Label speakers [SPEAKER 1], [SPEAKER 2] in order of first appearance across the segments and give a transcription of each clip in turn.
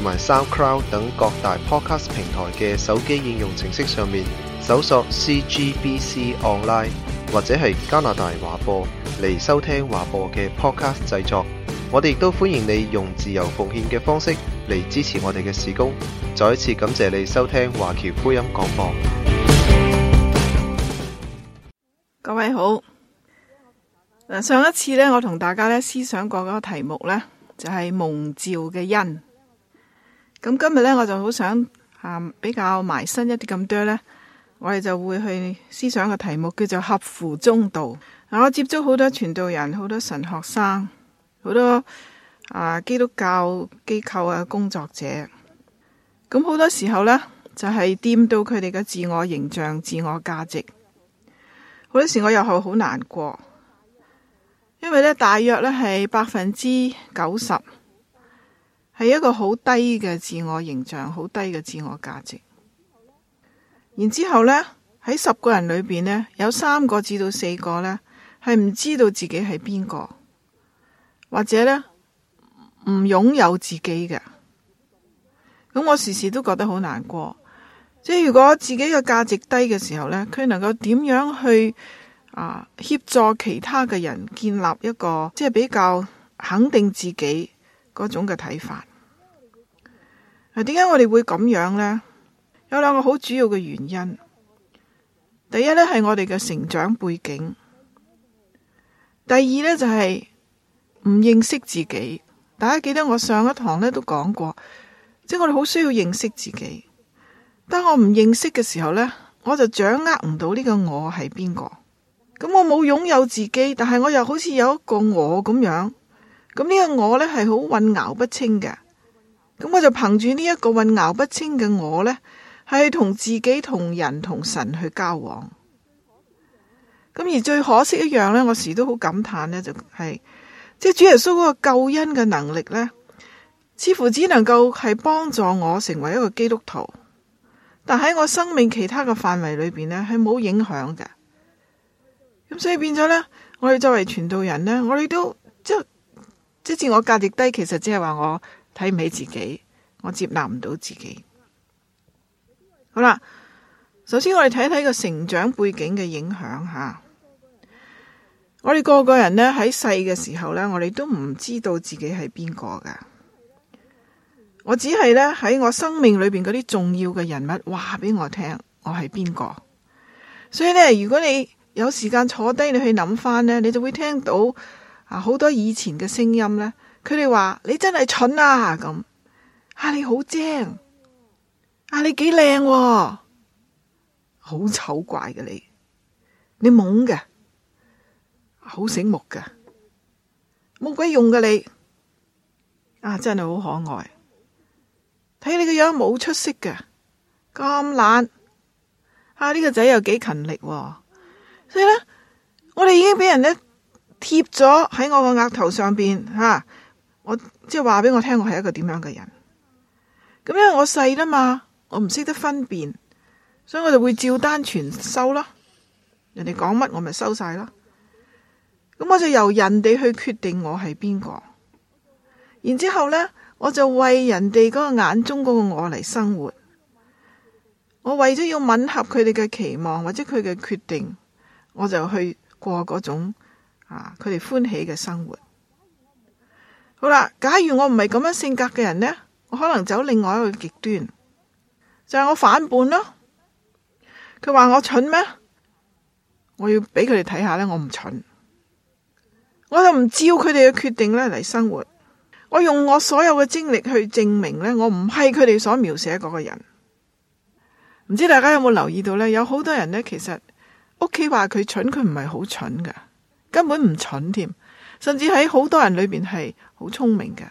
[SPEAKER 1] 同埋 SoundCloud 等各大 Podcast 平台嘅手機應用程式上面搜索 CGBC Online 或者係加拿大華播嚟收聽華播嘅 Podcast 製作，我哋亦都歡迎你用自由奉獻嘅方式嚟支持我哋嘅事工。再一次感謝你收聽華僑福音廣播。各位好，上一次咧，我同大家咧思想過嗰個題目咧，就係蒙召嘅恩。咁今日呢，我就好想啊，比較埋身一啲咁，多呢我哋就會去思想個題目叫做合乎中道。我接觸好多傳道人、好多神學生、好多啊基督教機構啊工作者。咁好多時候呢，就係掂到佢哋嘅自我形象、自我價值。好多時我又係好難過，因為呢，大約呢係百分之九十。係一個好低嘅自我形象，好低嘅自我價值。然之後呢，喺十個人裏邊呢，有三個至到四個呢，係唔知道自己係邊個，或者呢，唔擁有自己嘅。咁我時時都覺得好難過。即係如果自己嘅價值低嘅時候呢，佢能夠點樣去啊協助其他嘅人建立一個即係比較肯定自己嗰種嘅睇法。嗱，點解我哋會咁樣呢？有兩個好主要嘅原因。第一呢係我哋嘅成長背景。第二呢就係、是、唔認識自己。大家記得我上一堂呢都講過，即係我哋好需要認識自己。當我唔認識嘅時候呢，我就掌握唔到呢個我係邊個。咁、嗯、我冇擁有自己，但係我又好似有一個我咁樣。咁、嗯、呢、這個我呢係好混淆不清嘅。咁我就憑住呢一個混淆不清嘅我呢係同自己、同人、同神去交往。咁而最可惜一樣呢，我時都好感嘆呢就係即係主耶穌嗰個救恩嘅能力呢似乎只能夠係幫助我成為一個基督徒，但喺我生命其他嘅範圍裏邊呢係冇影響嘅。咁所以變咗呢，我哋作為傳道人呢，我哋都即係即自我價值低，其實只係話我。睇唔起自己，我接納唔到自己。好啦，首先我哋睇睇個成長背景嘅影響吓。我哋個個人呢，喺細嘅時候呢，我哋都唔知道自己係邊個噶。我只係呢，喺我生命裏邊嗰啲重要嘅人物話俾我聽，我係邊個。所以呢，如果你有時間坐低你去諗翻呢，你就會聽到啊好多以前嘅聲音呢。佢哋話：你真係蠢啊！咁啊，你好精啊，你幾靚喎，啊，好醜怪嘅你，你懵嘅，好醒目嘅，冇鬼用嘅你，啊，真係好可愛，睇你個樣冇出息嘅，咁懶，啊，呢、呢個仔又幾勤力，啊，所以咧，我哋已經俾人咧貼咗喺我個額頭上邊吓。啊我即係話畀我聽，我係一個點樣嘅人？咁因為我細啊嘛，我唔識得分辨，所以我就會照單全收咯。人哋講乜我咪收晒咯。咁我就由人哋去決定我係邊個。然之後呢，我就為人哋嗰個眼中嗰個我嚟生活。我為咗要吻合佢哋嘅期望或者佢嘅決定，我就去過嗰種啊，佢哋歡喜嘅生活。好啦，假如我唔係咁樣性格嘅人呢，我可能走另外一個極端，就係我反叛咯。佢話我蠢咩？我要俾佢哋睇下呢，我唔蠢，我就唔照佢哋嘅決定呢嚟生活。我用我所有嘅精力去證明呢，我唔係佢哋所描寫嗰個人。唔知大家有冇留意到呢？有好多人呢，其實屋企話佢蠢，佢唔係好蠢噶，根本唔蠢添。甚至喺好多人裏邊係好聰明嘅。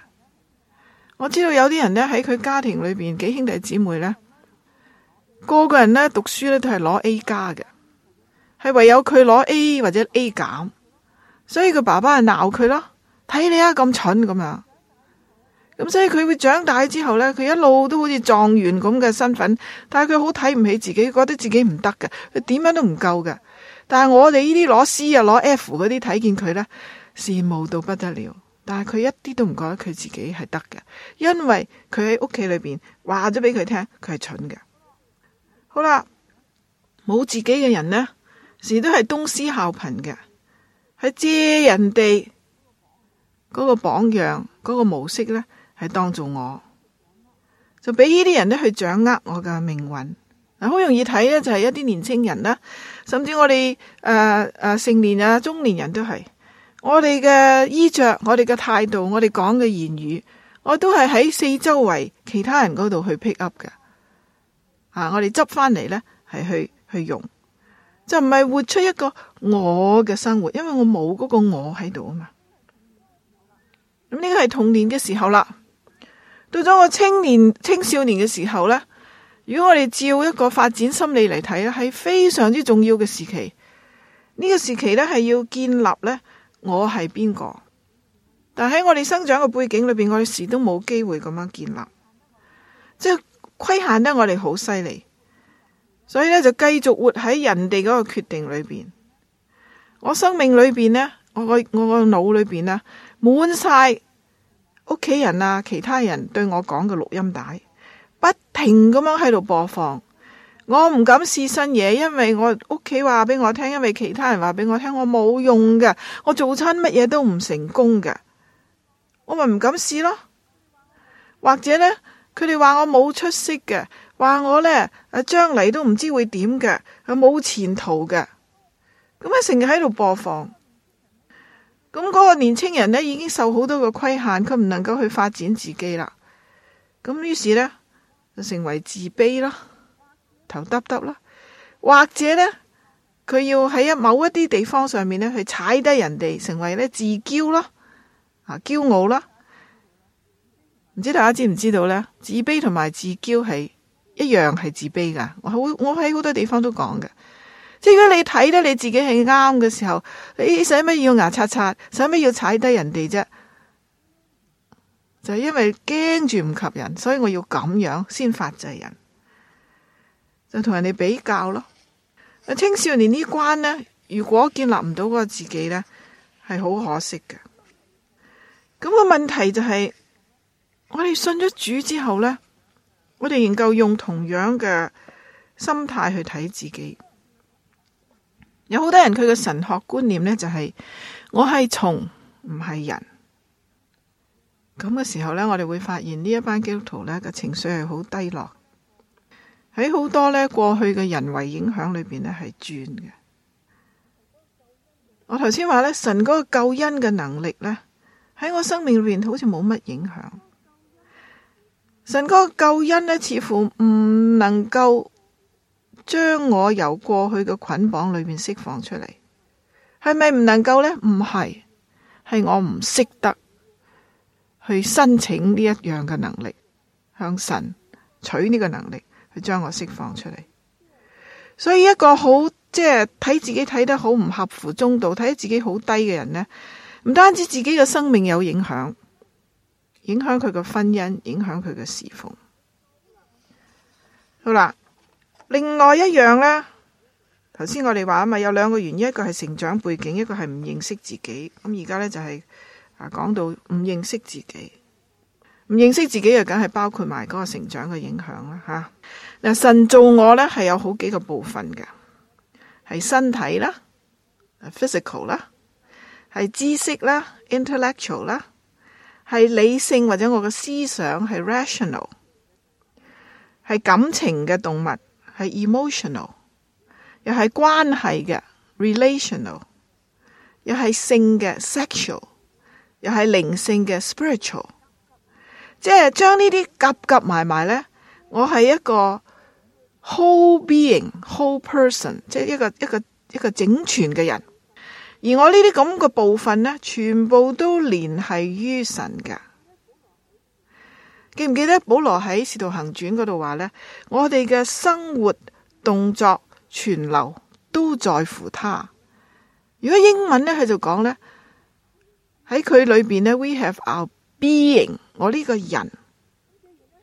[SPEAKER 1] 我知道有啲人呢，喺佢家庭裏邊幾兄弟姊妹呢，個個人呢讀書呢都係攞 A 加嘅，係唯有佢攞 A 或者 A 減，所以佢爸爸係鬧佢咯。睇你啊，咁蠢咁樣，咁所以佢會長大之後呢，佢一路都好似狀元咁嘅身份，但係佢好睇唔起自己，覺得自己唔得嘅，佢點樣都唔夠嘅。但係我哋呢啲攞 C 啊、攞 F 嗰啲睇見佢呢。羨慕到不得了，但係佢一啲都唔覺得佢自己係得嘅，因為佢喺屋企裏邊話咗俾佢聽，佢係蠢嘅。好啦，冇自己嘅人呢，時都係東施效顰嘅，係借人哋嗰個榜樣、嗰個模式呢，係當做我，就俾呢啲人都去掌握我嘅命運。嗱，好容易睇呢，就係一啲年青人啦，甚至我哋誒誒成年啊、中年人都係。我哋嘅衣着，我哋嘅態度，我哋講嘅言語，我都係喺四周圍其他人嗰度去 pick up 嘅。啊，我哋執翻嚟呢係去去用，就唔係活出一個我嘅生活，因為我冇嗰個我喺度啊嘛。咁呢個係童年嘅時候啦，到咗我青年青少年嘅時候呢，如果我哋照一個發展心理嚟睇咧，係非常之重要嘅時期。呢個時期呢係要建立呢。我係邊個？但喺我哋生長嘅背景裏邊，我哋時都冇機會咁樣建立，即係規限得我哋好犀利，所以呢，就繼續活喺人哋嗰個決定裏邊。我生命裏邊呢，我個我個腦裏邊呢滿晒屋企人啊，其他人對我講嘅錄音帶，不停咁樣喺度播放。我唔敢試新嘢，因為我屋企話畀我聽，因為其他人話畀我聽，我冇用嘅，我做親乜嘢都唔成功嘅，我咪唔敢試咯。或者呢，佢哋話我冇出息嘅，話我呢誒，將嚟都唔知會點嘅，冇前途嘅。咁啊，成日喺度播放，咁嗰個年青人呢，已經受好多個規限，佢唔能夠去發展自己啦。咁於是呢，就成為自卑咯。頭耷耷啦，或者呢，佢要喺一某一啲地方上面呢，去踩低人哋，成為呢自驕咯，啊驕傲啦，唔知大家知唔知道呢，自卑同埋自驕係一樣係自卑噶。我好，我喺好多地方都講嘅，即係如果你睇得你自己係啱嘅時候，你使乜要牙擦擦，使乜要踩低人哋啫？就係因為驚住唔及人，所以我要咁樣先發制人。就同人哋比較咯。啊，青少年呢關呢，如果建立唔到個自己咧，係好可惜嘅。咁個問題就係，我哋信咗主之後咧，我哋仍舊用同樣嘅心態去睇自己。有好多人佢嘅神學觀念咧，就係，我係蟲，唔係人。咁嘅時候咧，我哋會發現呢一班基督徒咧嘅情緒係好低落。喺好多呢過去嘅人為影響裏邊呢係轉嘅。我頭先話呢，神嗰個救恩嘅能力呢，喺我生命裏面好似冇乜影響。神嗰個救恩呢，似乎唔能夠將我由過去嘅捆綁裏面釋放出嚟，係咪唔能夠呢？唔係，係我唔識得去申請呢一樣嘅能力，向神取呢個能力。將我釋放出嚟，所以一個好即係睇自己睇得好唔合乎中道，睇自己好低嘅人呢，唔單止自己嘅生命有影響，影響佢嘅婚姻，影響佢嘅侍奉。好啦，另外一樣呢，頭先我哋話啊嘛，有兩個原因，一個係成長背景，一個係唔認識自己。咁而家呢，就係啊講到唔認識自己，唔認識自己又梗係包括埋嗰個成長嘅影響啦，吓。神造我呢，係有好幾個部分嘅，係身體啦，physical 啦，係知識啦，intellectual 啦，係理性或者我嘅思想係 rational，係感情嘅動物係 emotional，又係關係嘅 relational，又係性嘅 sexual，又係靈性嘅 spiritual，即係將呢啲夾夾埋埋咧，我係一個。whole being, whole person，即係一個一個一個整全嘅人，而我呢啲咁嘅部分咧，全部都聯繫於神噶。記唔記得保羅喺《使徒行傳》嗰度話咧？我哋嘅生活、動作、存留都在乎他。如果英文咧，佢就講咧喺佢裏邊咧，we have our being。我呢個人，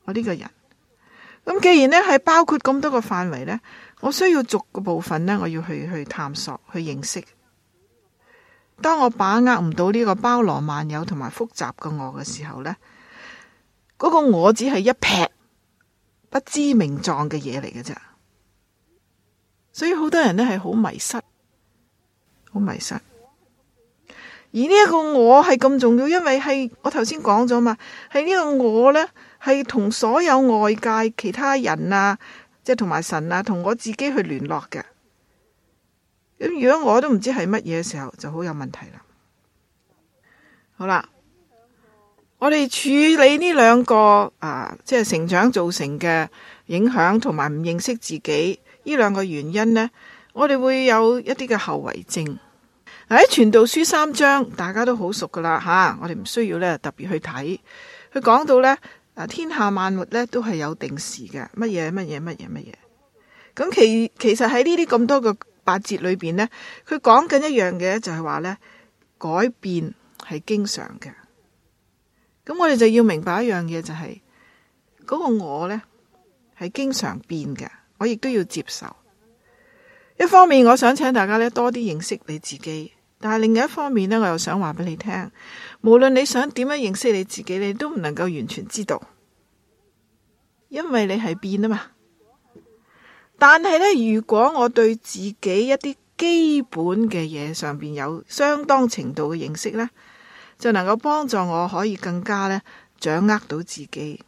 [SPEAKER 1] 我呢個人。咁既然咧係包括咁多個範圍呢，我需要逐個部分呢，我要去去探索去認識。當我把握唔到呢個包羅萬有同埋複雜嘅我嘅時候呢，嗰個我只係一撇不知名狀嘅嘢嚟嘅啫。所以好多人呢係好迷失，好迷失。而呢一個我係咁重要，因為係我頭先講咗嘛，係呢個我呢。係同所有外界其他人啊，即係同埋神啊，同我自己去聯絡嘅。咁如果我都唔知係乜嘢嘅時候，就好有問題啦。好啦，我哋處理呢兩個啊，即係成長造成嘅影響，同埋唔認識自己呢兩個原因呢，我哋會有一啲嘅後遺症。喺傳道書三章，大家都好熟噶啦吓，我哋唔需要咧特別去睇，佢講到呢。啊！天下萬物咧都係有定時嘅，乜嘢乜嘢乜嘢乜嘢。咁其其實喺呢啲咁多嘅八節裏邊呢，佢講緊一樣嘢，就係話呢：改變係經常嘅。咁我哋就要明白一樣嘢，就係嗰個我呢係經常變嘅，我亦都要接受。一方面，我想請大家咧多啲認識你自己，但係另外一方面呢，我又想話俾你聽。無論你想點樣認識你自己，你都唔能夠完全知道，因為你係變啊嘛。但係呢，如果我對自己一啲基本嘅嘢上面，有相當程度嘅認識呢，就能夠幫助我可以更加呢掌握到自己。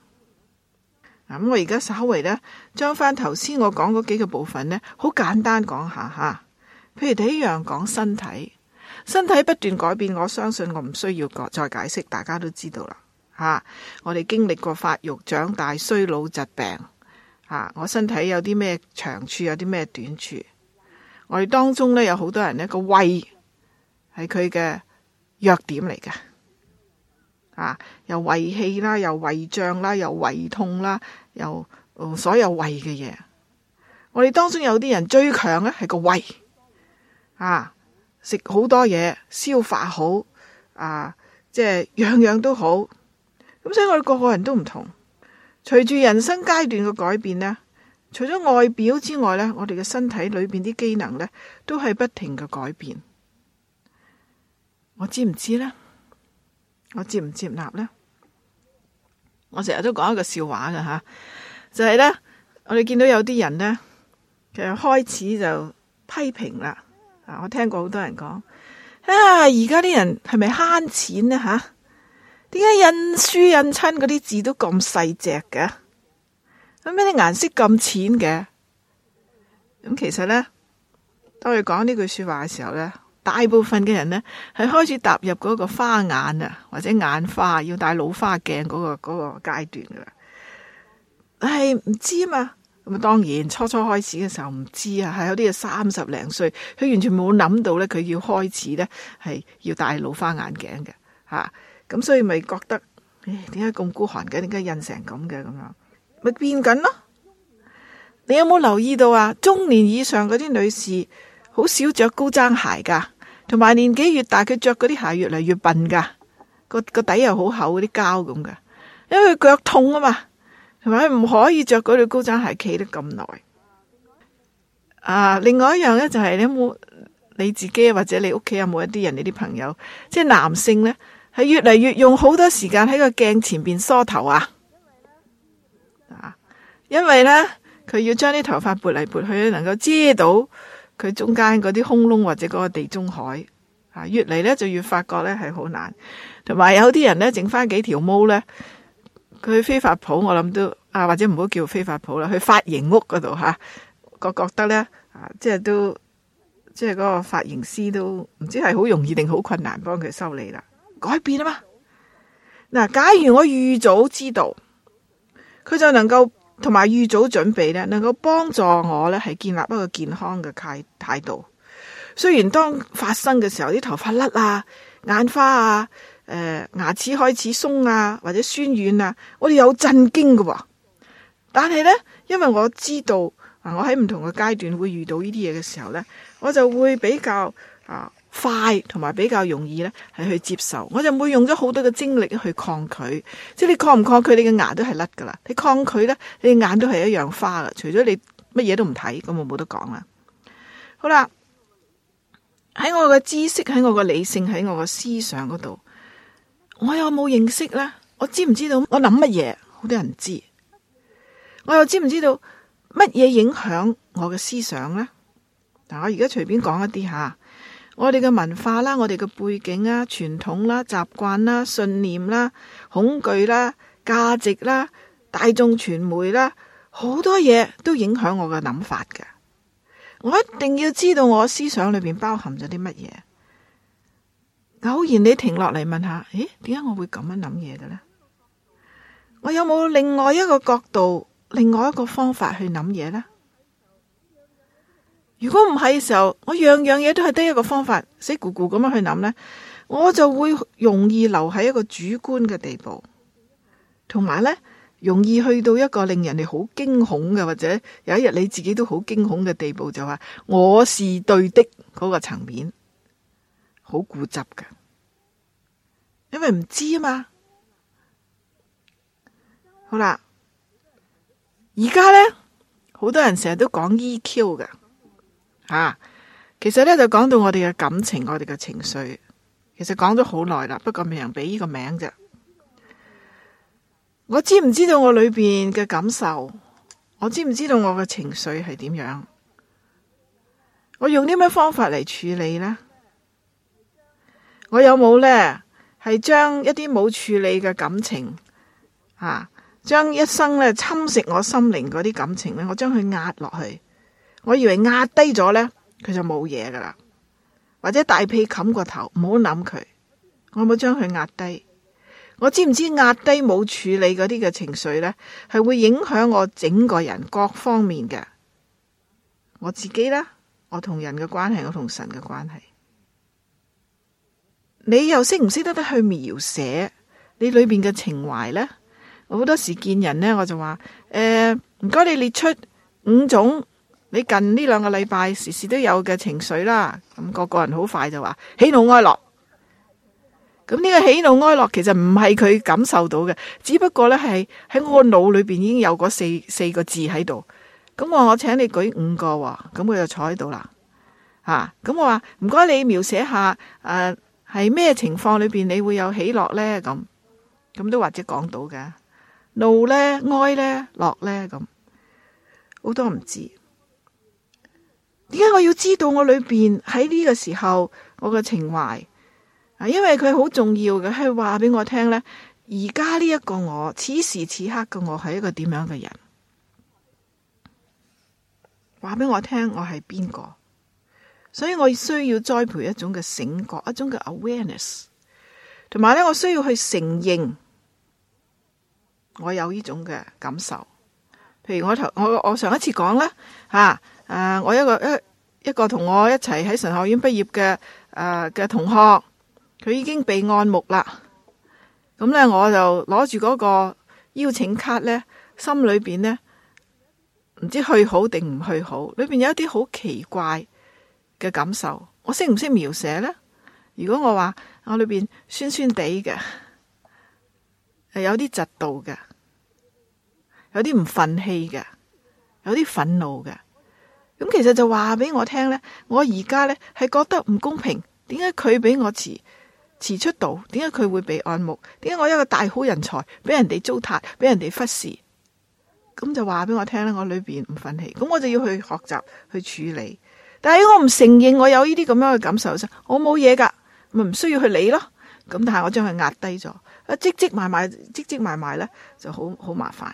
[SPEAKER 1] 咁、啊、我而家稍微呢，將翻頭先我講嗰幾個部分呢，好簡單講下吓，譬如第一樣講身體。身體不斷改變，我相信我唔需要再解釋，大家都知道啦。吓、啊，我哋經歷過發育、長大、衰老、疾病，吓、啊，我身體有啲咩長處，有啲咩短處。我哋當中呢，有好多人呢個胃係佢嘅弱點嚟嘅，吓、啊，又胃氣啦，又胃脹啦，又胃痛啦，又、嗯、所有胃嘅嘢。我哋當中有啲人最強呢，係個胃，啊。食好多嘢，消化好，啊，即係樣樣都好。咁所以我哋個個人都唔同，隨住人生階段嘅改變呢，除咗外表之外呢，我哋嘅身體裏邊啲機能呢，都係不停嘅改變。我知唔知呢？我接唔接納呢？我成日都講一個笑話嘅吓，就係呢，我哋見到有啲人呢，其實開始就批評啦。啊！我聽過好多人講，而家啲人係咪慳錢呢？啊？吓？啊？點解印書印親嗰啲字都咁細隻嘅？咁咩啲顏色咁淺嘅？咁、啊、其實呢，當你講呢句說話嘅時候咧，大部分嘅人呢係開始踏入嗰個花眼啊，或者眼花，要戴老花鏡嗰、嗰個嗰、嗰個階段噶啦，係、哎、唔知嘛？咁啊，當然初初開始嘅時候唔知啊，係有啲嘢三十零歲，佢完全冇諗到咧，佢要開始咧係要戴老花眼鏡嘅嚇。咁、啊、所以咪覺得，誒點解咁孤寒嘅？點解印成咁嘅咁樣？咪變緊咯。你有冇留意到啊？中年以上嗰啲女士，好少着高踭鞋噶，同埋年紀越大，佢着嗰啲鞋越嚟越笨噶，個個底又好厚嗰啲膠咁嘅，因為腳痛啊嘛。同係咪唔可以着嗰對高踭鞋企得咁耐啊。另外一樣咧就係、是，你有冇你自己或者你屋企有冇一啲人？你啲朋友即係男性咧，係越嚟越用好多時間喺個鏡前邊梳頭啊。啊，因為咧佢要將啲頭髮撥嚟撥去，能夠遮到佢中間嗰啲空窿或者嗰個地中海啊，越嚟咧就越發覺咧係好難。同埋有啲人咧整翻幾條毛咧，去飛髮舖我諗都啊，或者唔好叫飛髮舖啦，去髮型屋嗰度吓，我覺得咧啊，即係都即係嗰個髮型師都唔知係好容易定好困難幫佢修理啦，改變啊嘛。嗱，假如我預早知道，佢就能夠同埋預早準備咧，能夠幫助我咧係建立一個健康嘅態態度。雖然當發生嘅時候啲頭髮甩啊、眼花啊。誒、呃，牙齒開始鬆啊，或者酸軟啊，我哋有震驚嘅、哦。但係咧，因為我知道啊，我喺唔同嘅階段會遇到呢啲嘢嘅時候咧，我就會比較啊、呃、快，同埋比較容易咧係去接受。我就唔會用咗好多嘅精力去抗拒。即係你抗唔抗拒，你嘅牙都係甩噶啦。你抗拒咧，你眼都係一樣花噶。除咗你乜嘢都唔睇，咁我冇得講啦。好啦，喺我嘅知識，喺我嘅理性，喺我嘅思想嗰度。我又冇認識啦，我知唔知道我諗乜嘢？好多人知，我又知唔知道乜嘢影響我嘅思想呢？嗱，我而家隨便講一啲吓，我哋嘅文化啦，我哋嘅背景啊，傳統啦，習慣啦，信念啦，恐懼啦，價值啦，大眾傳媒啦，好多嘢都影響我嘅諗法嘅。我一定要知道我思想裏邊包含咗啲乜嘢。偶然你停落嚟問下，誒，點解我會咁樣諗嘢嘅呢？我有冇另外一個角度、另外一個方法去諗嘢呢？如果唔係嘅時候，我樣樣嘢都係得一個方法，死咕咕咁樣去諗呢，我就會容易留喺一個主觀嘅地步，同埋呢，容易去到一個令人哋好驚恐嘅，或者有一日你自己都好驚恐嘅地步，就是，就話我是對的嗰，那個層面。好固執嘅，因為唔知啊嘛。好啦，而家呢，好多人成日都講 EQ 嘅，吓、啊，其實呢，就講到我哋嘅感情，我哋嘅情緒，其實講咗好耐啦，不過未人俾呢個名啫。我知唔知道我裏邊嘅感受？我知唔知道我嘅情緒係點樣？我用啲咩方法嚟處理呢？我有冇咧？係將一啲冇處理嘅感情，啊，將一生咧侵蝕我心靈嗰啲感情咧，我將佢壓落去。我以為壓低咗咧，佢就冇嘢噶啦。或者大被冚過頭，唔好諗佢。我有冇將佢壓低？我知唔知壓低冇處理嗰啲嘅情緒咧，係會影響我整個人各方面嘅我自己啦，我同人嘅關係，我同神嘅關係。你又識唔識得得去描寫你裏邊嘅情懷呢？好多時見人呢，我就話誒，唔、呃、該你列出五種你近呢兩個禮拜時時都有嘅情緒啦。咁、嗯、個個人好快就話喜怒哀樂。咁、嗯、呢、這個喜怒哀樂其實唔係佢感受到嘅，只不過呢係喺我個腦裏邊已經有嗰四四個字喺度。咁、嗯、我我請你舉五個、哦，咁、嗯、佢就坐喺度啦。吓、啊、咁、嗯、我話唔該，你描寫下誒。呃係咩情況裏邊你會有喜樂呢？咁咁都或者講到嘅怒呢？哀呢？樂呢？咁好多唔知。點解我要知道我裏邊喺呢個時候我嘅情懷？啊，因為佢好重要嘅，係話俾我聽呢，而家呢一個我，此時此刻嘅我係一個點樣嘅人？話俾我聽我，我係邊個？所以我需要栽培一種嘅醒覺，一種嘅 awareness，同埋咧，我需要去承認我有呢種嘅感受。譬如我頭我我上一次講啦，吓、啊、誒，我一個一一個同我一齊喺神學院畢業嘅誒嘅同學，佢已經被按牧啦，咁、嗯、咧我就攞住嗰個邀請卡咧，心裏邊咧唔知去好定唔去好，裏邊有一啲好奇怪。嘅感受，我識唔識描寫呢？如果我話我裏邊酸酸地嘅，有啲嫉妒嘅，有啲唔忿氣嘅，有啲憤怒嘅，咁其實就話俾我聽呢，我而家呢係覺得唔公平，點解佢俾我遲遲出道？點解佢會被按目？點解我有一個大好人才俾人哋糟蹋，俾人哋忽視？咁就話俾我聽呢，我裏邊唔忿氣，咁我就要去學習去處理。但係我唔承認我有呢啲咁樣嘅感受先，我冇嘢噶，咪唔需要去理咯。咁但係我將佢壓低咗，啊積積埋埋，積積埋埋呢就好好麻煩。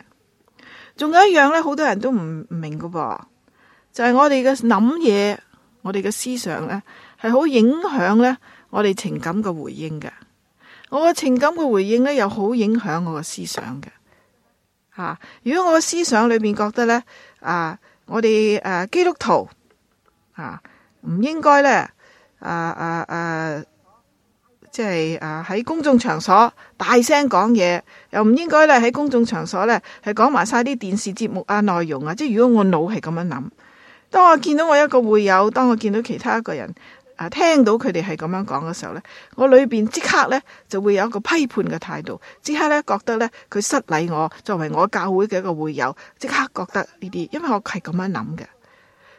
[SPEAKER 1] 仲有一樣呢，好多人都唔唔明噶噃，就係、是、我哋嘅諗嘢，我哋嘅思想呢，係好影響呢我哋情感嘅回應嘅。我嘅情感嘅回應呢，又好影響我嘅思想嘅。吓、啊，如果我嘅思想裏面覺得呢，啊，我哋誒、啊、基督徒。啊！唔應該咧，誒誒誒，即係誒喺公眾場所大聲講嘢，又唔應該咧喺公眾場所咧係講埋晒啲電視節目啊內容啊。即係如果我腦係咁樣諗，當我見到我一個會友，當我見到其他一個人啊，聽到佢哋係咁樣講嘅時候咧，我裏面即刻咧就會有一個批判嘅態度，即刻咧覺得咧佢失禮我，作為我教會嘅一個會友，即刻覺得呢啲，因為我係咁樣諗嘅。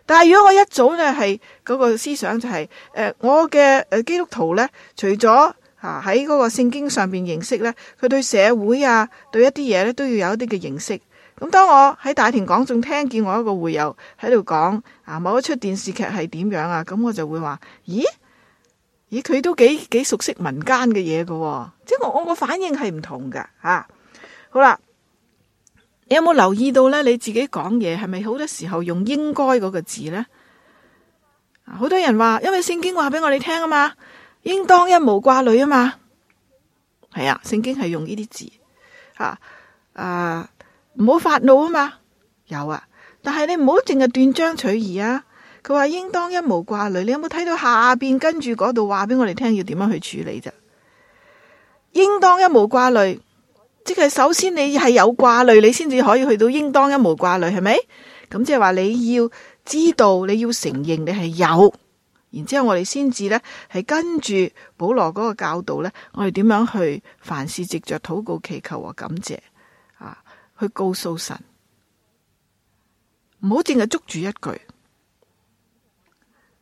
[SPEAKER 1] 但係如果我一早呢，係嗰、那個思想就係、是、誒、呃，我嘅、誒、呃、基督徒呢，除咗啊喺嗰個聖經上邊認識呢，佢對社會啊，對一啲嘢呢都要有一啲嘅認識。咁、嗯、當我喺大庭廣眾聽見我一個會友喺度講啊，某一齣電視劇係點樣啊，咁、嗯、我就會話，咦咦，佢都幾幾熟悉民間嘅嘢噶，即係我我嘅反應係唔同噶吓、啊。好啦。你有冇留意到呢？你自己講嘢係咪好多時候用應該嗰個字呢？好多人話，因為聖經話俾我哋聽啊嘛，應當一無掛慮啊嘛，係啊，聖經係用呢啲字吓，啊，唔好發怒啊嘛，有啊，但係你唔好淨係斷章取義啊。佢話應當一無掛慮，你有冇睇到下邊跟住嗰度話俾我哋聽要點樣去處理啫？應當一無掛慮。即係首先你係有掛慮，你先至可以去到應當一無掛慮，係咪？咁即係話你要知道，你要承認你係有，然之後我哋先至呢係跟住保羅嗰個教導呢，我哋點樣去凡事藉着禱告、祈求和感謝啊，去告訴神，唔好淨係捉住一句。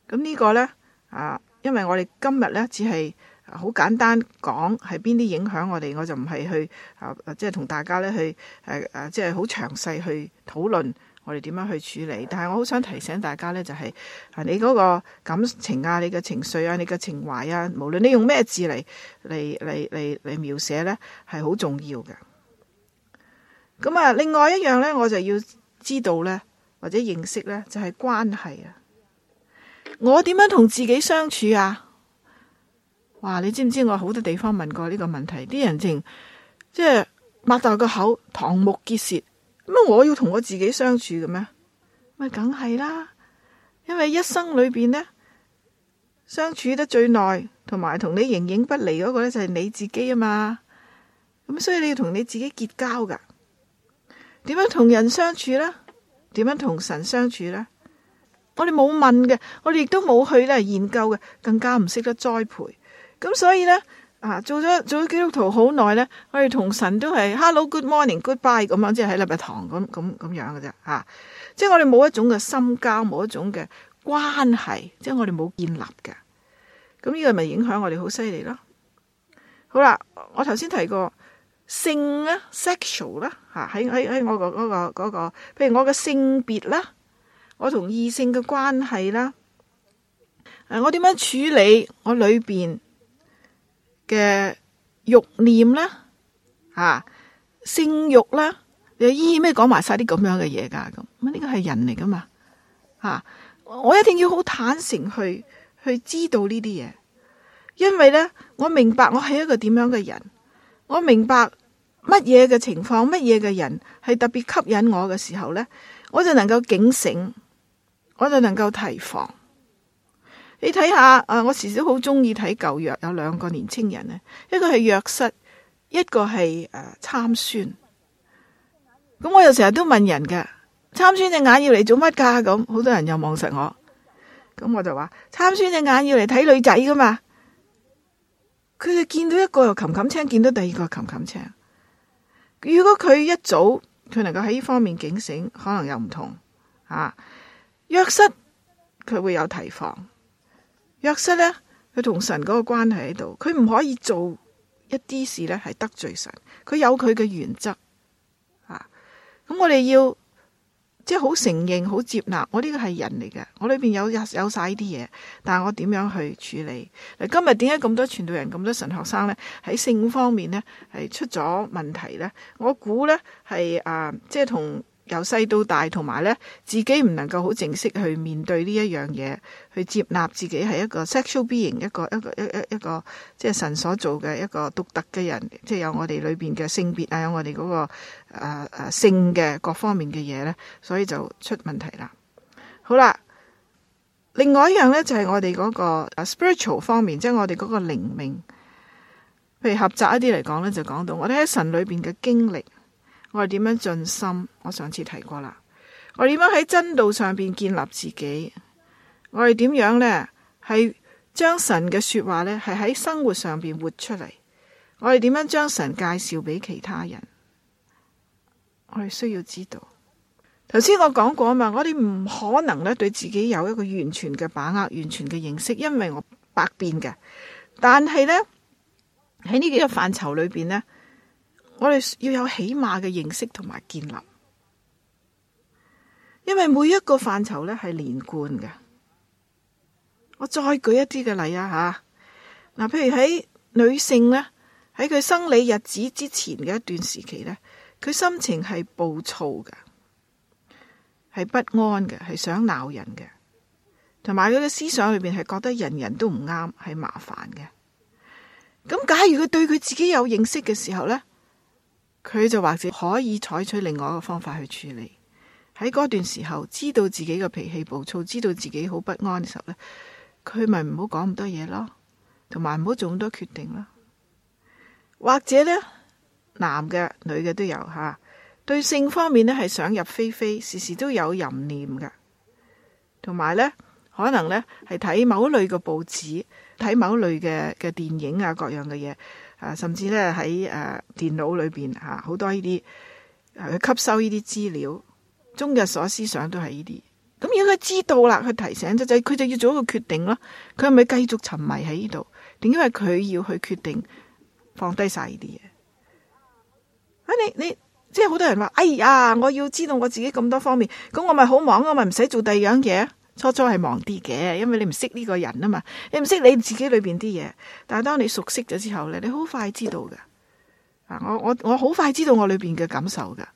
[SPEAKER 1] 咁呢個呢，啊，因為我哋今日呢，只係。好簡單講係邊啲影響我哋，我就唔係去、啊、即係同大家咧去誒誒、啊，即係好詳細去討論我哋點樣去處理。但係我好想提醒大家咧，就係、是、你嗰個感情啊，你嘅情緒啊，你嘅情懷啊，無論你用咩字嚟嚟嚟嚟嚟描寫咧，係好重要嘅。咁啊，另外一樣咧，我就要知道咧，或者認識咧，就係、是、關係啊。我點樣同自己相處啊？哇！你知唔知我好多地方問過呢個問題？啲人淨，即係擘大個口，堂目結舌，乜我要同我自己相處嘅咩？咪梗係啦，因為一生裏邊呢，相處得最耐，同埋同你形影不離嗰個呢，就係你自己啊嘛。咁所以你要同你自己結交㗎。點樣同人相處呢？點樣同神相處呢？我哋冇問嘅，我哋亦都冇去呢研究嘅，更加唔識得栽培。咁所以呢，啊，做咗做咗基督徒好耐呢，我哋同神都係 hello good morning good bye 咁啊，即係喺禮拜堂咁咁咁樣嘅啫，吓，即係我哋冇一種嘅深交，冇一種嘅關係，即係我哋冇建立嘅。咁、這、呢個咪影響我哋好犀利咯。好啦，我頭先提過性啦，sexual 啦、啊，吓，喺喺喺我、嗰個嗰個、嗰個，譬如我嘅性別啦，我同異性嘅關係啦，誒，我點樣處理我裏邊.嘅欲念啦，吓、啊、性欲啦，你依咩講埋晒啲咁樣嘅嘢噶咁，咁呢個係人嚟噶嘛吓，我一定要好坦誠去去知道呢啲嘢，因為咧我明白我係一個點樣嘅人，我明白乜嘢嘅情況，乜嘢嘅人係特別吸引我嘅時候咧，我就能夠警醒，我就能夠提防。你睇下，誒、呃，我時時好中意睇舊約，有兩個年青人咧，一個係約瑟，一個係誒參孫。咁、呃嗯、我又成日都問人嘅，參孫隻眼要嚟做乜噶？咁好多人又望實我，咁、嗯、我就話參孫隻眼要嚟睇女仔噶嘛。佢哋見到一個又冚冚青，見到第二個又冚冚青。如果佢一早佢能夠喺呢方面警醒，可能又唔同啊。約瑟佢會有提防。約瑟咧，佢同神嗰個關係喺度，佢唔可以做一啲事咧，係得罪神，佢有佢嘅原則啊。咁我哋要即係好承認、好接納，我呢個係人嚟嘅，我裏邊有有晒啲嘢，但係我點樣去處理？嗱，今日點解咁多傳道人、咁多神學生咧喺性方面咧係出咗問題咧？我估咧係啊，即係同。呃就是由細到大，同埋咧，自己唔能夠好正式去面對呢一樣嘢，去接納自己係一個 sexual being 一個一個一一個即係、就是、神所做嘅一個獨特嘅人，即、就、係、是、有我哋裏邊嘅性別啊，有我哋嗰、那個誒誒、啊、性嘅各方面嘅嘢咧，所以就出問題啦。好啦，另外一樣咧就係、是、我哋嗰個 spiritual 方面，即、就、係、是、我哋嗰個靈命，譬如狹窄一啲嚟講咧，就講到我哋喺神裏邊嘅經歷。我哋點樣盡心？我上次提過啦。我哋點樣喺真道上邊建立自己？我哋點樣呢？係將神嘅說話呢係喺生活上邊活出嚟。我哋點樣將神介紹俾其他人？我哋需要知道。頭先我講過啊嘛，我哋唔可能呢對自己有一個完全嘅把握、完全嘅認識，因為我百變嘅。但係呢，喺呢幾個範疇裏邊呢，我哋要有起碼嘅認識同埋建立，因為每一個範疇呢係連貫嘅。我再舉一啲嘅例啊，吓嗱，譬如喺女性呢，喺佢生理日子之前嘅一段時期呢，佢心情係暴躁嘅，係不安嘅，係想鬧人嘅，同埋佢嘅思想裏邊係覺得人人都唔啱，係麻煩嘅。咁假如佢對佢自己有認識嘅時候呢。佢就或者可以採取另外一個方法去處理。喺嗰段時候，知道自己嘅脾氣暴躁，知道自己好不安嘅時候呢，佢咪唔好講咁多嘢咯，同埋唔好做咁多決定咯。或者呢，男嘅、女嘅都有吓，對性方面呢，係想入非非，事事都有淫念噶，同埋呢，可能呢，係睇某類嘅報紙，睇某類嘅嘅電影啊，各樣嘅嘢。啊，甚至咧喺誒電腦裏邊吓，好、啊、多呢啲誒去吸收呢啲資料，終日所思想都係呢啲。咁、啊、如果佢知道啦，佢提醒只仔，佢就要做一個決定咯。佢係咪繼續沉迷喺呢度？點、啊、解？因為佢要去決定放低晒呢啲嘢。啊，你你即係好多人話，哎呀，我要知道我自己咁多方面，咁我咪好忙，我咪唔使做第二樣嘢。初初係忙啲嘅，因為你唔識呢個人啊嘛，你唔識你自己裏邊啲嘢。但係當你熟悉咗之後咧，你好快知道噶。啊，我我我好快知道我裏邊嘅感受噶。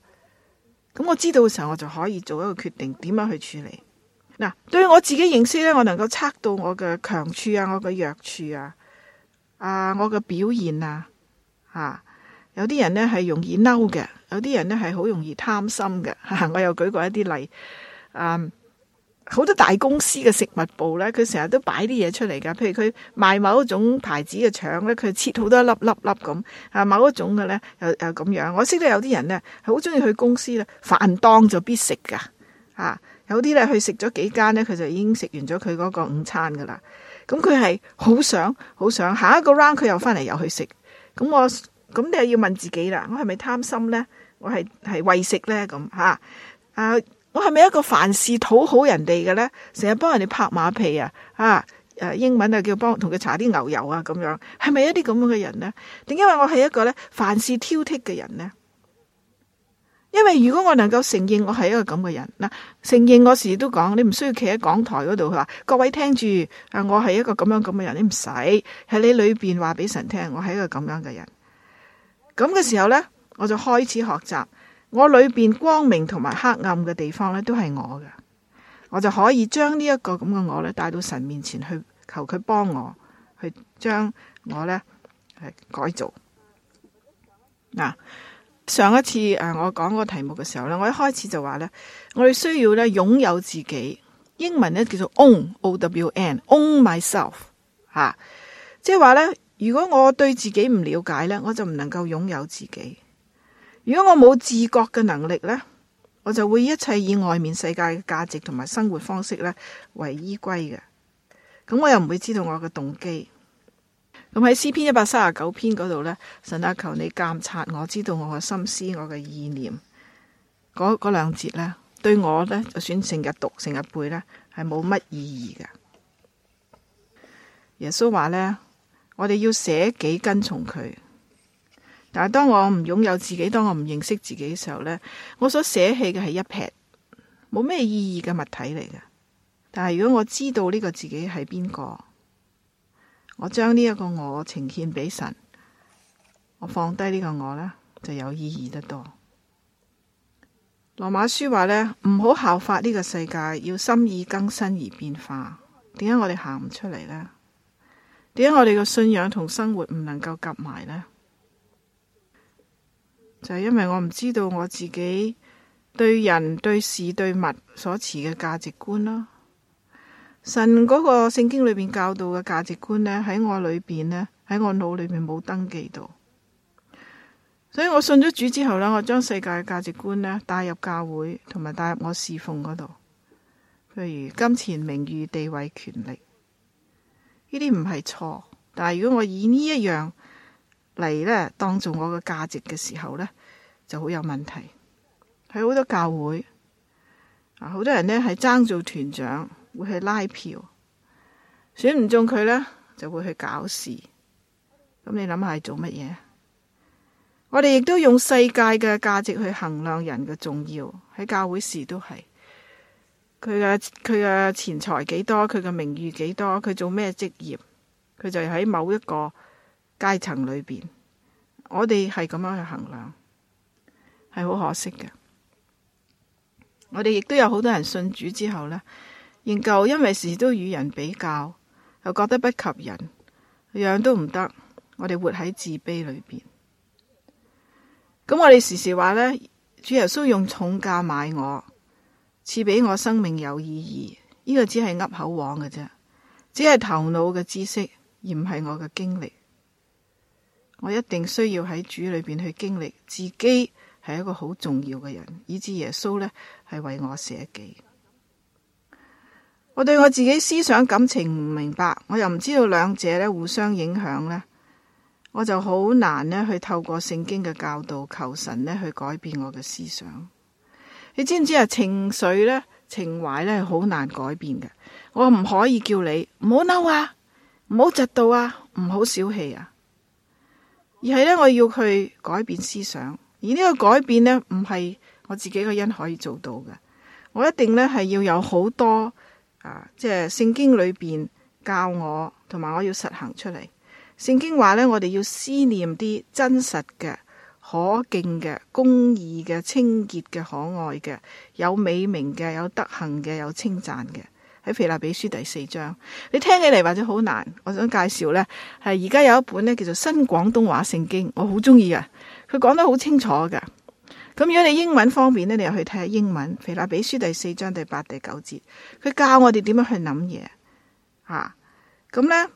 [SPEAKER 1] 咁我知道嘅時候，我就可以做一個決定，點樣去處理。嗱，對於我自己認識咧，我能夠測到我嘅強處啊，我嘅弱處啊，啊，我嘅表現啊，吓、啊，有啲人呢係容易嬲嘅，有啲人呢係好容易貪心嘅，啊。我又舉過一啲例，嗯、啊。好多大公司嘅食物部咧，佢成日都擺啲嘢出嚟噶。譬如佢賣某一種牌子嘅腸咧，佢切好多粒粒粒咁。啊，某一種嘅咧又又咁樣。我識得有啲人咧，係好中意去公司咧，飯當就必食噶。啊，有啲咧去食咗幾間咧，佢就已經食完咗佢嗰個午餐噶啦。咁佢係好想好想下一個 round，佢又翻嚟又去食。咁、嗯、我咁、嗯、你又要問自己啦，我係咪貪心咧？我係係為食咧咁吓啊？啊我係咪一個凡事討好人哋嘅呢？成日幫人哋拍馬屁啊！啊，英文啊，叫幫同佢搽啲牛油啊，咁樣係咪一啲咁樣嘅人呢？點解我係一個呢凡事挑剔嘅人呢？因為如果我能夠承認我係一個咁嘅人嗱、呃，承認我時都講你唔需要企喺講台嗰度，佢話各位聽住，啊，我係一個咁樣咁嘅人，你唔使喺你裏邊話俾神聽，我係一個咁樣嘅人。咁嘅時候呢，我就開始學習。我裏面光明同埋黑暗嘅地方咧，都係我嘅，我就可以將呢一個咁嘅我咧，帶到神面前去求佢幫我，去將我咧去改造。嗱、啊，上一次誒、呃、我講個題目嘅時候咧，我一開始就話咧，我哋需要咧擁有自己，英文咧叫做 own，O-W-N，own myself，吓、啊，即係話咧，如果我對自己唔了解咧，我就唔能夠擁有自己。如果我冇自覺嘅能力呢，我就會一切以外面世界嘅價值同埋生活方式呢，為依歸嘅，咁我又唔會知道我嘅動機。咁喺詩篇一百三十九篇嗰度呢，神啊，求你鑒察我，知道我嘅心思，我嘅意念。嗰嗰兩節呢，對我呢，就算成日讀成日背呢，係冇乜意義㗎。耶穌話呢，我哋要捨己跟從佢。但係，當我唔擁有自己，當我唔認識自己嘅時候呢，我所捨棄嘅係一撇冇咩意義嘅物體嚟嘅。但係如果我知道呢個自己係邊個，我將呢一個我呈獻俾神，我放低呢個我呢，就有意義得多。羅馬書話呢：「唔好效法呢個世界，要心意更新而變化。」點解我哋行唔出嚟呢？點解我哋嘅信仰同生活唔能夠夾埋呢？就係因為我唔知道我自己對人對事對物所持嘅價值觀咯，神嗰個聖經裏邊教導嘅價值觀咧，喺我裏邊咧，喺我腦裏邊冇登記到，所以我信咗主之後咧，我將世界嘅價值觀咧帶入教會，同埋帶入我侍奉嗰度，譬如金錢、名譽、地位、權力，呢啲唔係錯，但係如果我以呢一樣嚟，咧當做我嘅價值嘅時候咧。就好有問題。喺好多教會啊，好多人呢係爭做團長，會去拉票，選唔中佢呢就會去搞事。咁你諗下係做乜嘢？我哋亦都用世界嘅價值去衡量人嘅重要。喺教會時都係，佢嘅佢嘅錢財幾多，佢嘅名譽幾多，佢做咩職業，佢就喺某一個階層裏邊。我哋係咁樣去衡量。係好可惜嘅，我哋亦都有好多人信主之後呢，仍舊因為時時都與人比較，又覺得不及人，樣都唔得，我哋活喺自卑裏面。咁我哋時時話呢，主耶穌用重價買我，賜俾我生命有意義，呢個只係噏口話嘅啫，只係頭腦嘅知識，而唔係我嘅經歷。我一定需要喺主裏邊去經歷自己。係一個好重要嘅人，以至耶穌呢係為我捨己。我對我自己思想感情唔明白，我又唔知道兩者咧互相影響呢，我就好難咧去透過聖經嘅教導求神咧去改變我嘅思想。你知唔知啊？情緒呢、情懷咧，好難改變嘅。我唔可以叫你唔好嬲啊，唔好嫉妒啊，唔好小氣啊，而係呢，我要去改變思想。而呢個改變呢，唔係我自己個人可以做到嘅，我一定呢，係要有好多啊！即係聖經裏邊教我，同埋我要實行出嚟。聖經話呢，我哋要思念啲真實嘅、可敬嘅、公義嘅、清潔嘅、可愛嘅、有美名嘅、有德行嘅、有稱讚嘅。喺腓立比書第四章，你聽起嚟或者好難。我想介紹呢，係而家有一本呢，叫做新廣東話聖經，我好中意啊。佢講得好清楚噶，咁如果你英文方面咧，你又去睇下英文《腓立比書》第四章第八、第九節，佢教我哋點樣去諗嘢啊。咁咧，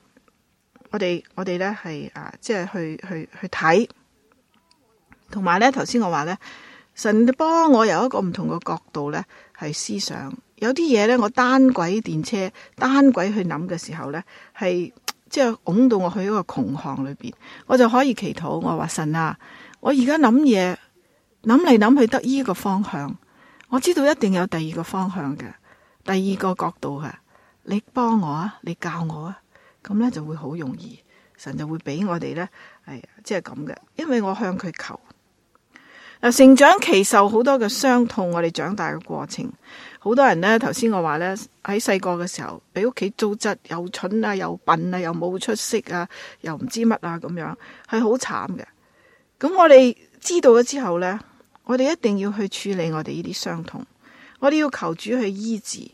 [SPEAKER 1] 我哋我哋咧係啊，即係去去去睇，同埋咧，頭先我話咧，神幫我由一個唔同嘅角度咧，係思想有啲嘢咧，我單軌電車單軌去諗嘅時候咧，係即係拱到我去一個窮巷裏邊，我就可以祈禱。我話神啊！我而家諗嘢諗嚟諗去得呢個方向，我知道一定有第二個方向嘅，第二個角度嘅。你幫我啊，你教我啊，咁呢就會好容易，神就會俾我哋呢，係即係咁嘅。因為我向佢求。成長期受好多嘅傷痛，我哋長大嘅過程，好多人呢，頭先我話呢，喺細個嘅時候，俾屋企糟質，又蠢啊，又笨啊，又冇出息啊，又唔知乜啊，咁樣係好慘嘅。咁我哋知道咗之後呢，我哋一定要去處理我哋呢啲傷痛，我哋要求主去醫治，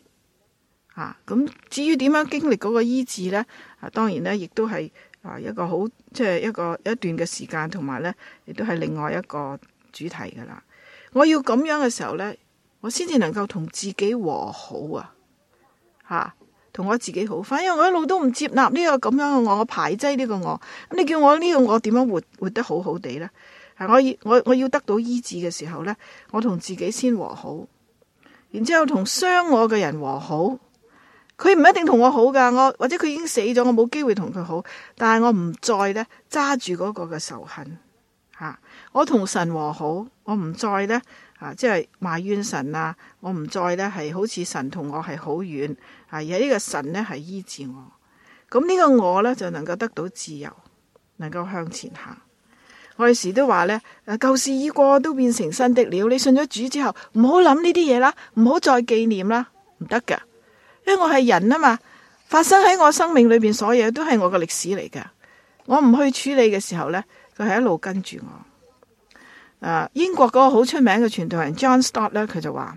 [SPEAKER 1] 啊，咁至於點樣經歷嗰個醫治呢？啊，當然呢，亦都係啊一個好即係一個一段嘅時間，同埋呢亦都係另外一個主題噶啦。我要咁樣嘅時候呢，我先至能夠同自己和好啊，吓。同我自己好，反而我一路都唔接納呢個咁樣嘅我，我排擠呢個我，你叫我呢個我點樣活活得好好地呢？我我我要得到醫治嘅時候呢，我同自己先和好，然之後同傷我嘅人和好，佢唔一定同我好噶，我或者佢已經死咗，我冇機會同佢好，但係我唔再咧揸住嗰個嘅仇恨，吓、啊、我同神和好，我唔再咧。啊，即係埋怨神啊！我唔再咧，係好似神同我係好遠啊！而係呢個神咧係醫治我，咁、啊、呢、呢個我咧就能夠得到自由，能夠向前行。我有時都話咧，舊、啊、事已過，都變成新的了。你信咗主之後，唔好諗呢啲嘢啦，唔好再紀念啦，唔得嘅，因為我係人啊嘛。發生喺我生命裏邊所有都係我嘅歷史嚟噶，我唔去處理嘅時候咧，佢係一路跟住我。Uh, 英國嗰個好出名嘅傳道人 John Stott 咧，佢就話：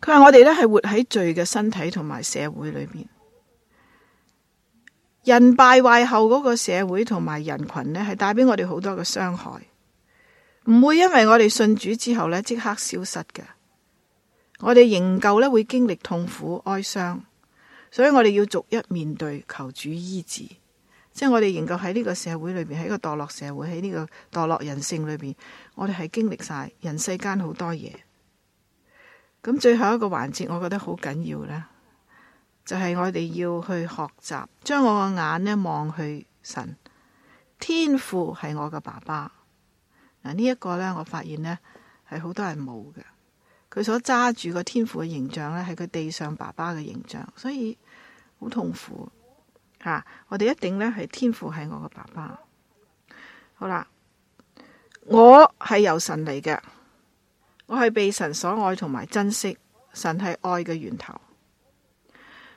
[SPEAKER 1] 佢話我哋呢係活喺罪嘅身體同埋社會裏面。人敗壞後嗰個社會同埋人群呢係帶俾我哋好多嘅傷害，唔會因為我哋信主之後呢即刻消失嘅，我哋仍舊呢會經歷痛苦哀傷，所以我哋要逐一面對，求主醫治。即係我哋研究喺呢個社會裏邊，喺個墮落社會，喺呢個墮落人性裏邊，我哋係經歷晒人世間好多嘢。咁最後一個環節，我覺得好緊要咧，就係、是、我哋要去學習，將我個眼咧望去神。天父係我嘅爸爸，嗱、這個、呢一個咧，我發現咧係好多人冇嘅。佢所揸住個天父嘅形象咧，係佢地上爸爸嘅形象，所以好痛苦。吓、啊！我哋一定呢係天父，係我個爸爸。好啦，我係由神嚟嘅，我係被神所愛同埋珍惜，神係愛嘅源頭。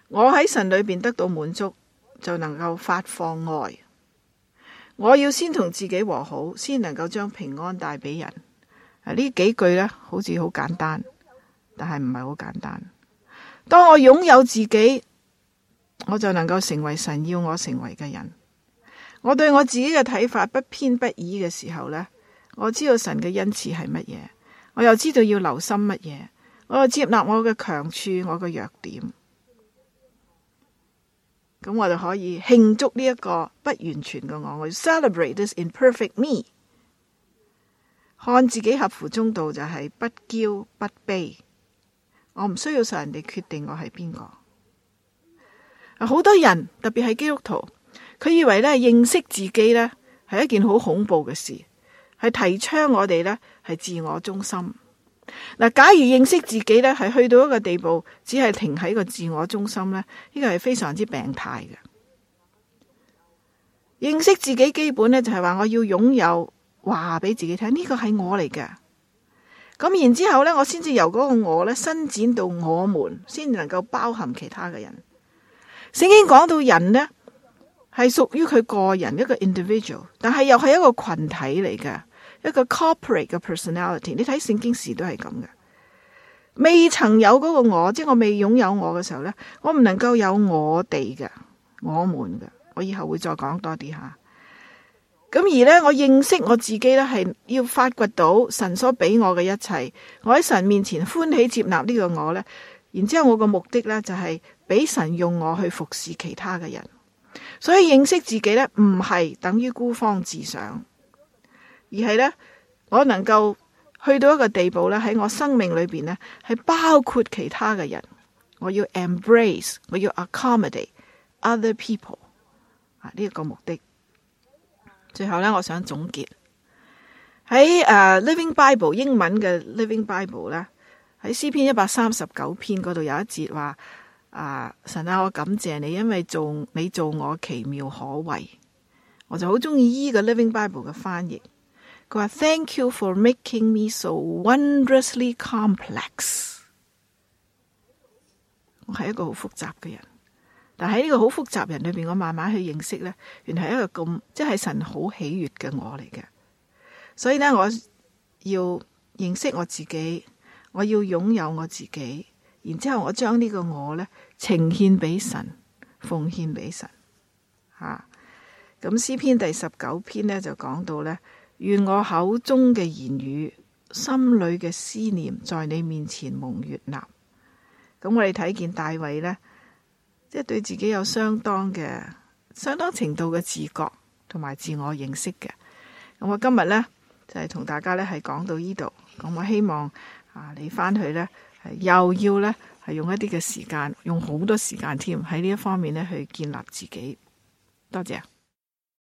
[SPEAKER 1] 我喺神裏邊得到滿足，就能夠發放愛。我要先同自己和好，先能夠將平安帶俾人。啊，呢幾句呢，好似好簡單，但係唔係好簡單。當我擁有自己。我就能夠成為神要我成為嘅人。我對我自己嘅睇法不偏不倚嘅時候呢，我知道神嘅恩賜係乜嘢，我又知道要留心乜嘢，我又接納我嘅強處，我嘅弱點。咁我就可以慶祝呢一個不完全嘅我，我要 celebrate this imperfect me。看自己合乎中道就係不驕不卑。我唔需要受人哋決定我係邊個。好多人特別係基督徒，佢以為咧認識自己咧係一件好恐怖嘅事，係提倡我哋咧係自我中心。嗱，假如認識自己咧係去到一個地步，只係停喺個自我中心咧，呢個係非常之病態嘅。認識自己基本咧就係話我要擁有話俾自己聽呢個係我嚟嘅。咁然之後咧，我先至由嗰個我咧伸展到我們，先能夠包含其他嘅人。聖經講到人呢，係屬於佢個人一個 individual，但係又係一個群體嚟嘅一個 corporate 嘅 personality。你睇聖經時都係咁嘅，未曾有嗰個我，即係我未擁有我嘅時候呢，我唔能夠有我哋嘅、我們嘅。我以後會再講多啲吓。咁而呢，我認識我自己呢，係要發掘到神所俾我嘅一切。我喺神面前歡喜接納呢個我呢，然之後我個目的呢，就係、是。俾神用我去服侍其他嘅人，所以認識自己咧，唔係等於孤芳自賞，而係咧我能夠去到一個地步咧，喺我生命裏邊咧，係包括其他嘅人。我要 embrace，我要 accommodate other people 啊，呢一個目的。最後咧，我想總結喺誒、uh, Living Bible 英文嘅 Living Bible 咧喺詩篇一百三十九篇嗰度有一節話。啊！Uh, 神啊，我感謝你，因為做你做我奇妙可畏，我就好中意呢個 Living Bible 嘅翻譯。佢話：Thank you for making me so wondrously complex。我係一個好複雜嘅人，但喺呢個好複雜人裏邊，我慢慢去認識呢，原來係一個咁即係神好喜悅嘅我嚟嘅。所以呢，我要認識我自己，我要擁有我自己。然之後，我將呢個我呢，呈獻俾神，奉獻俾神。吓、啊，咁詩篇第十九篇呢，就講到呢：「願我口中嘅言語、心裏嘅思念，在你面前蒙悅納。」咁我哋睇見大衛呢，即、就、係、是、對自己有相當嘅、相當程度嘅自覺同埋自我認識嘅。咁我今日呢，就係、是、同大家呢，係講到呢度。咁我希望啊，你翻去呢。又要咧，係用一啲嘅時間，用好多時間添，喺呢一方面咧，去建立自己。多謝。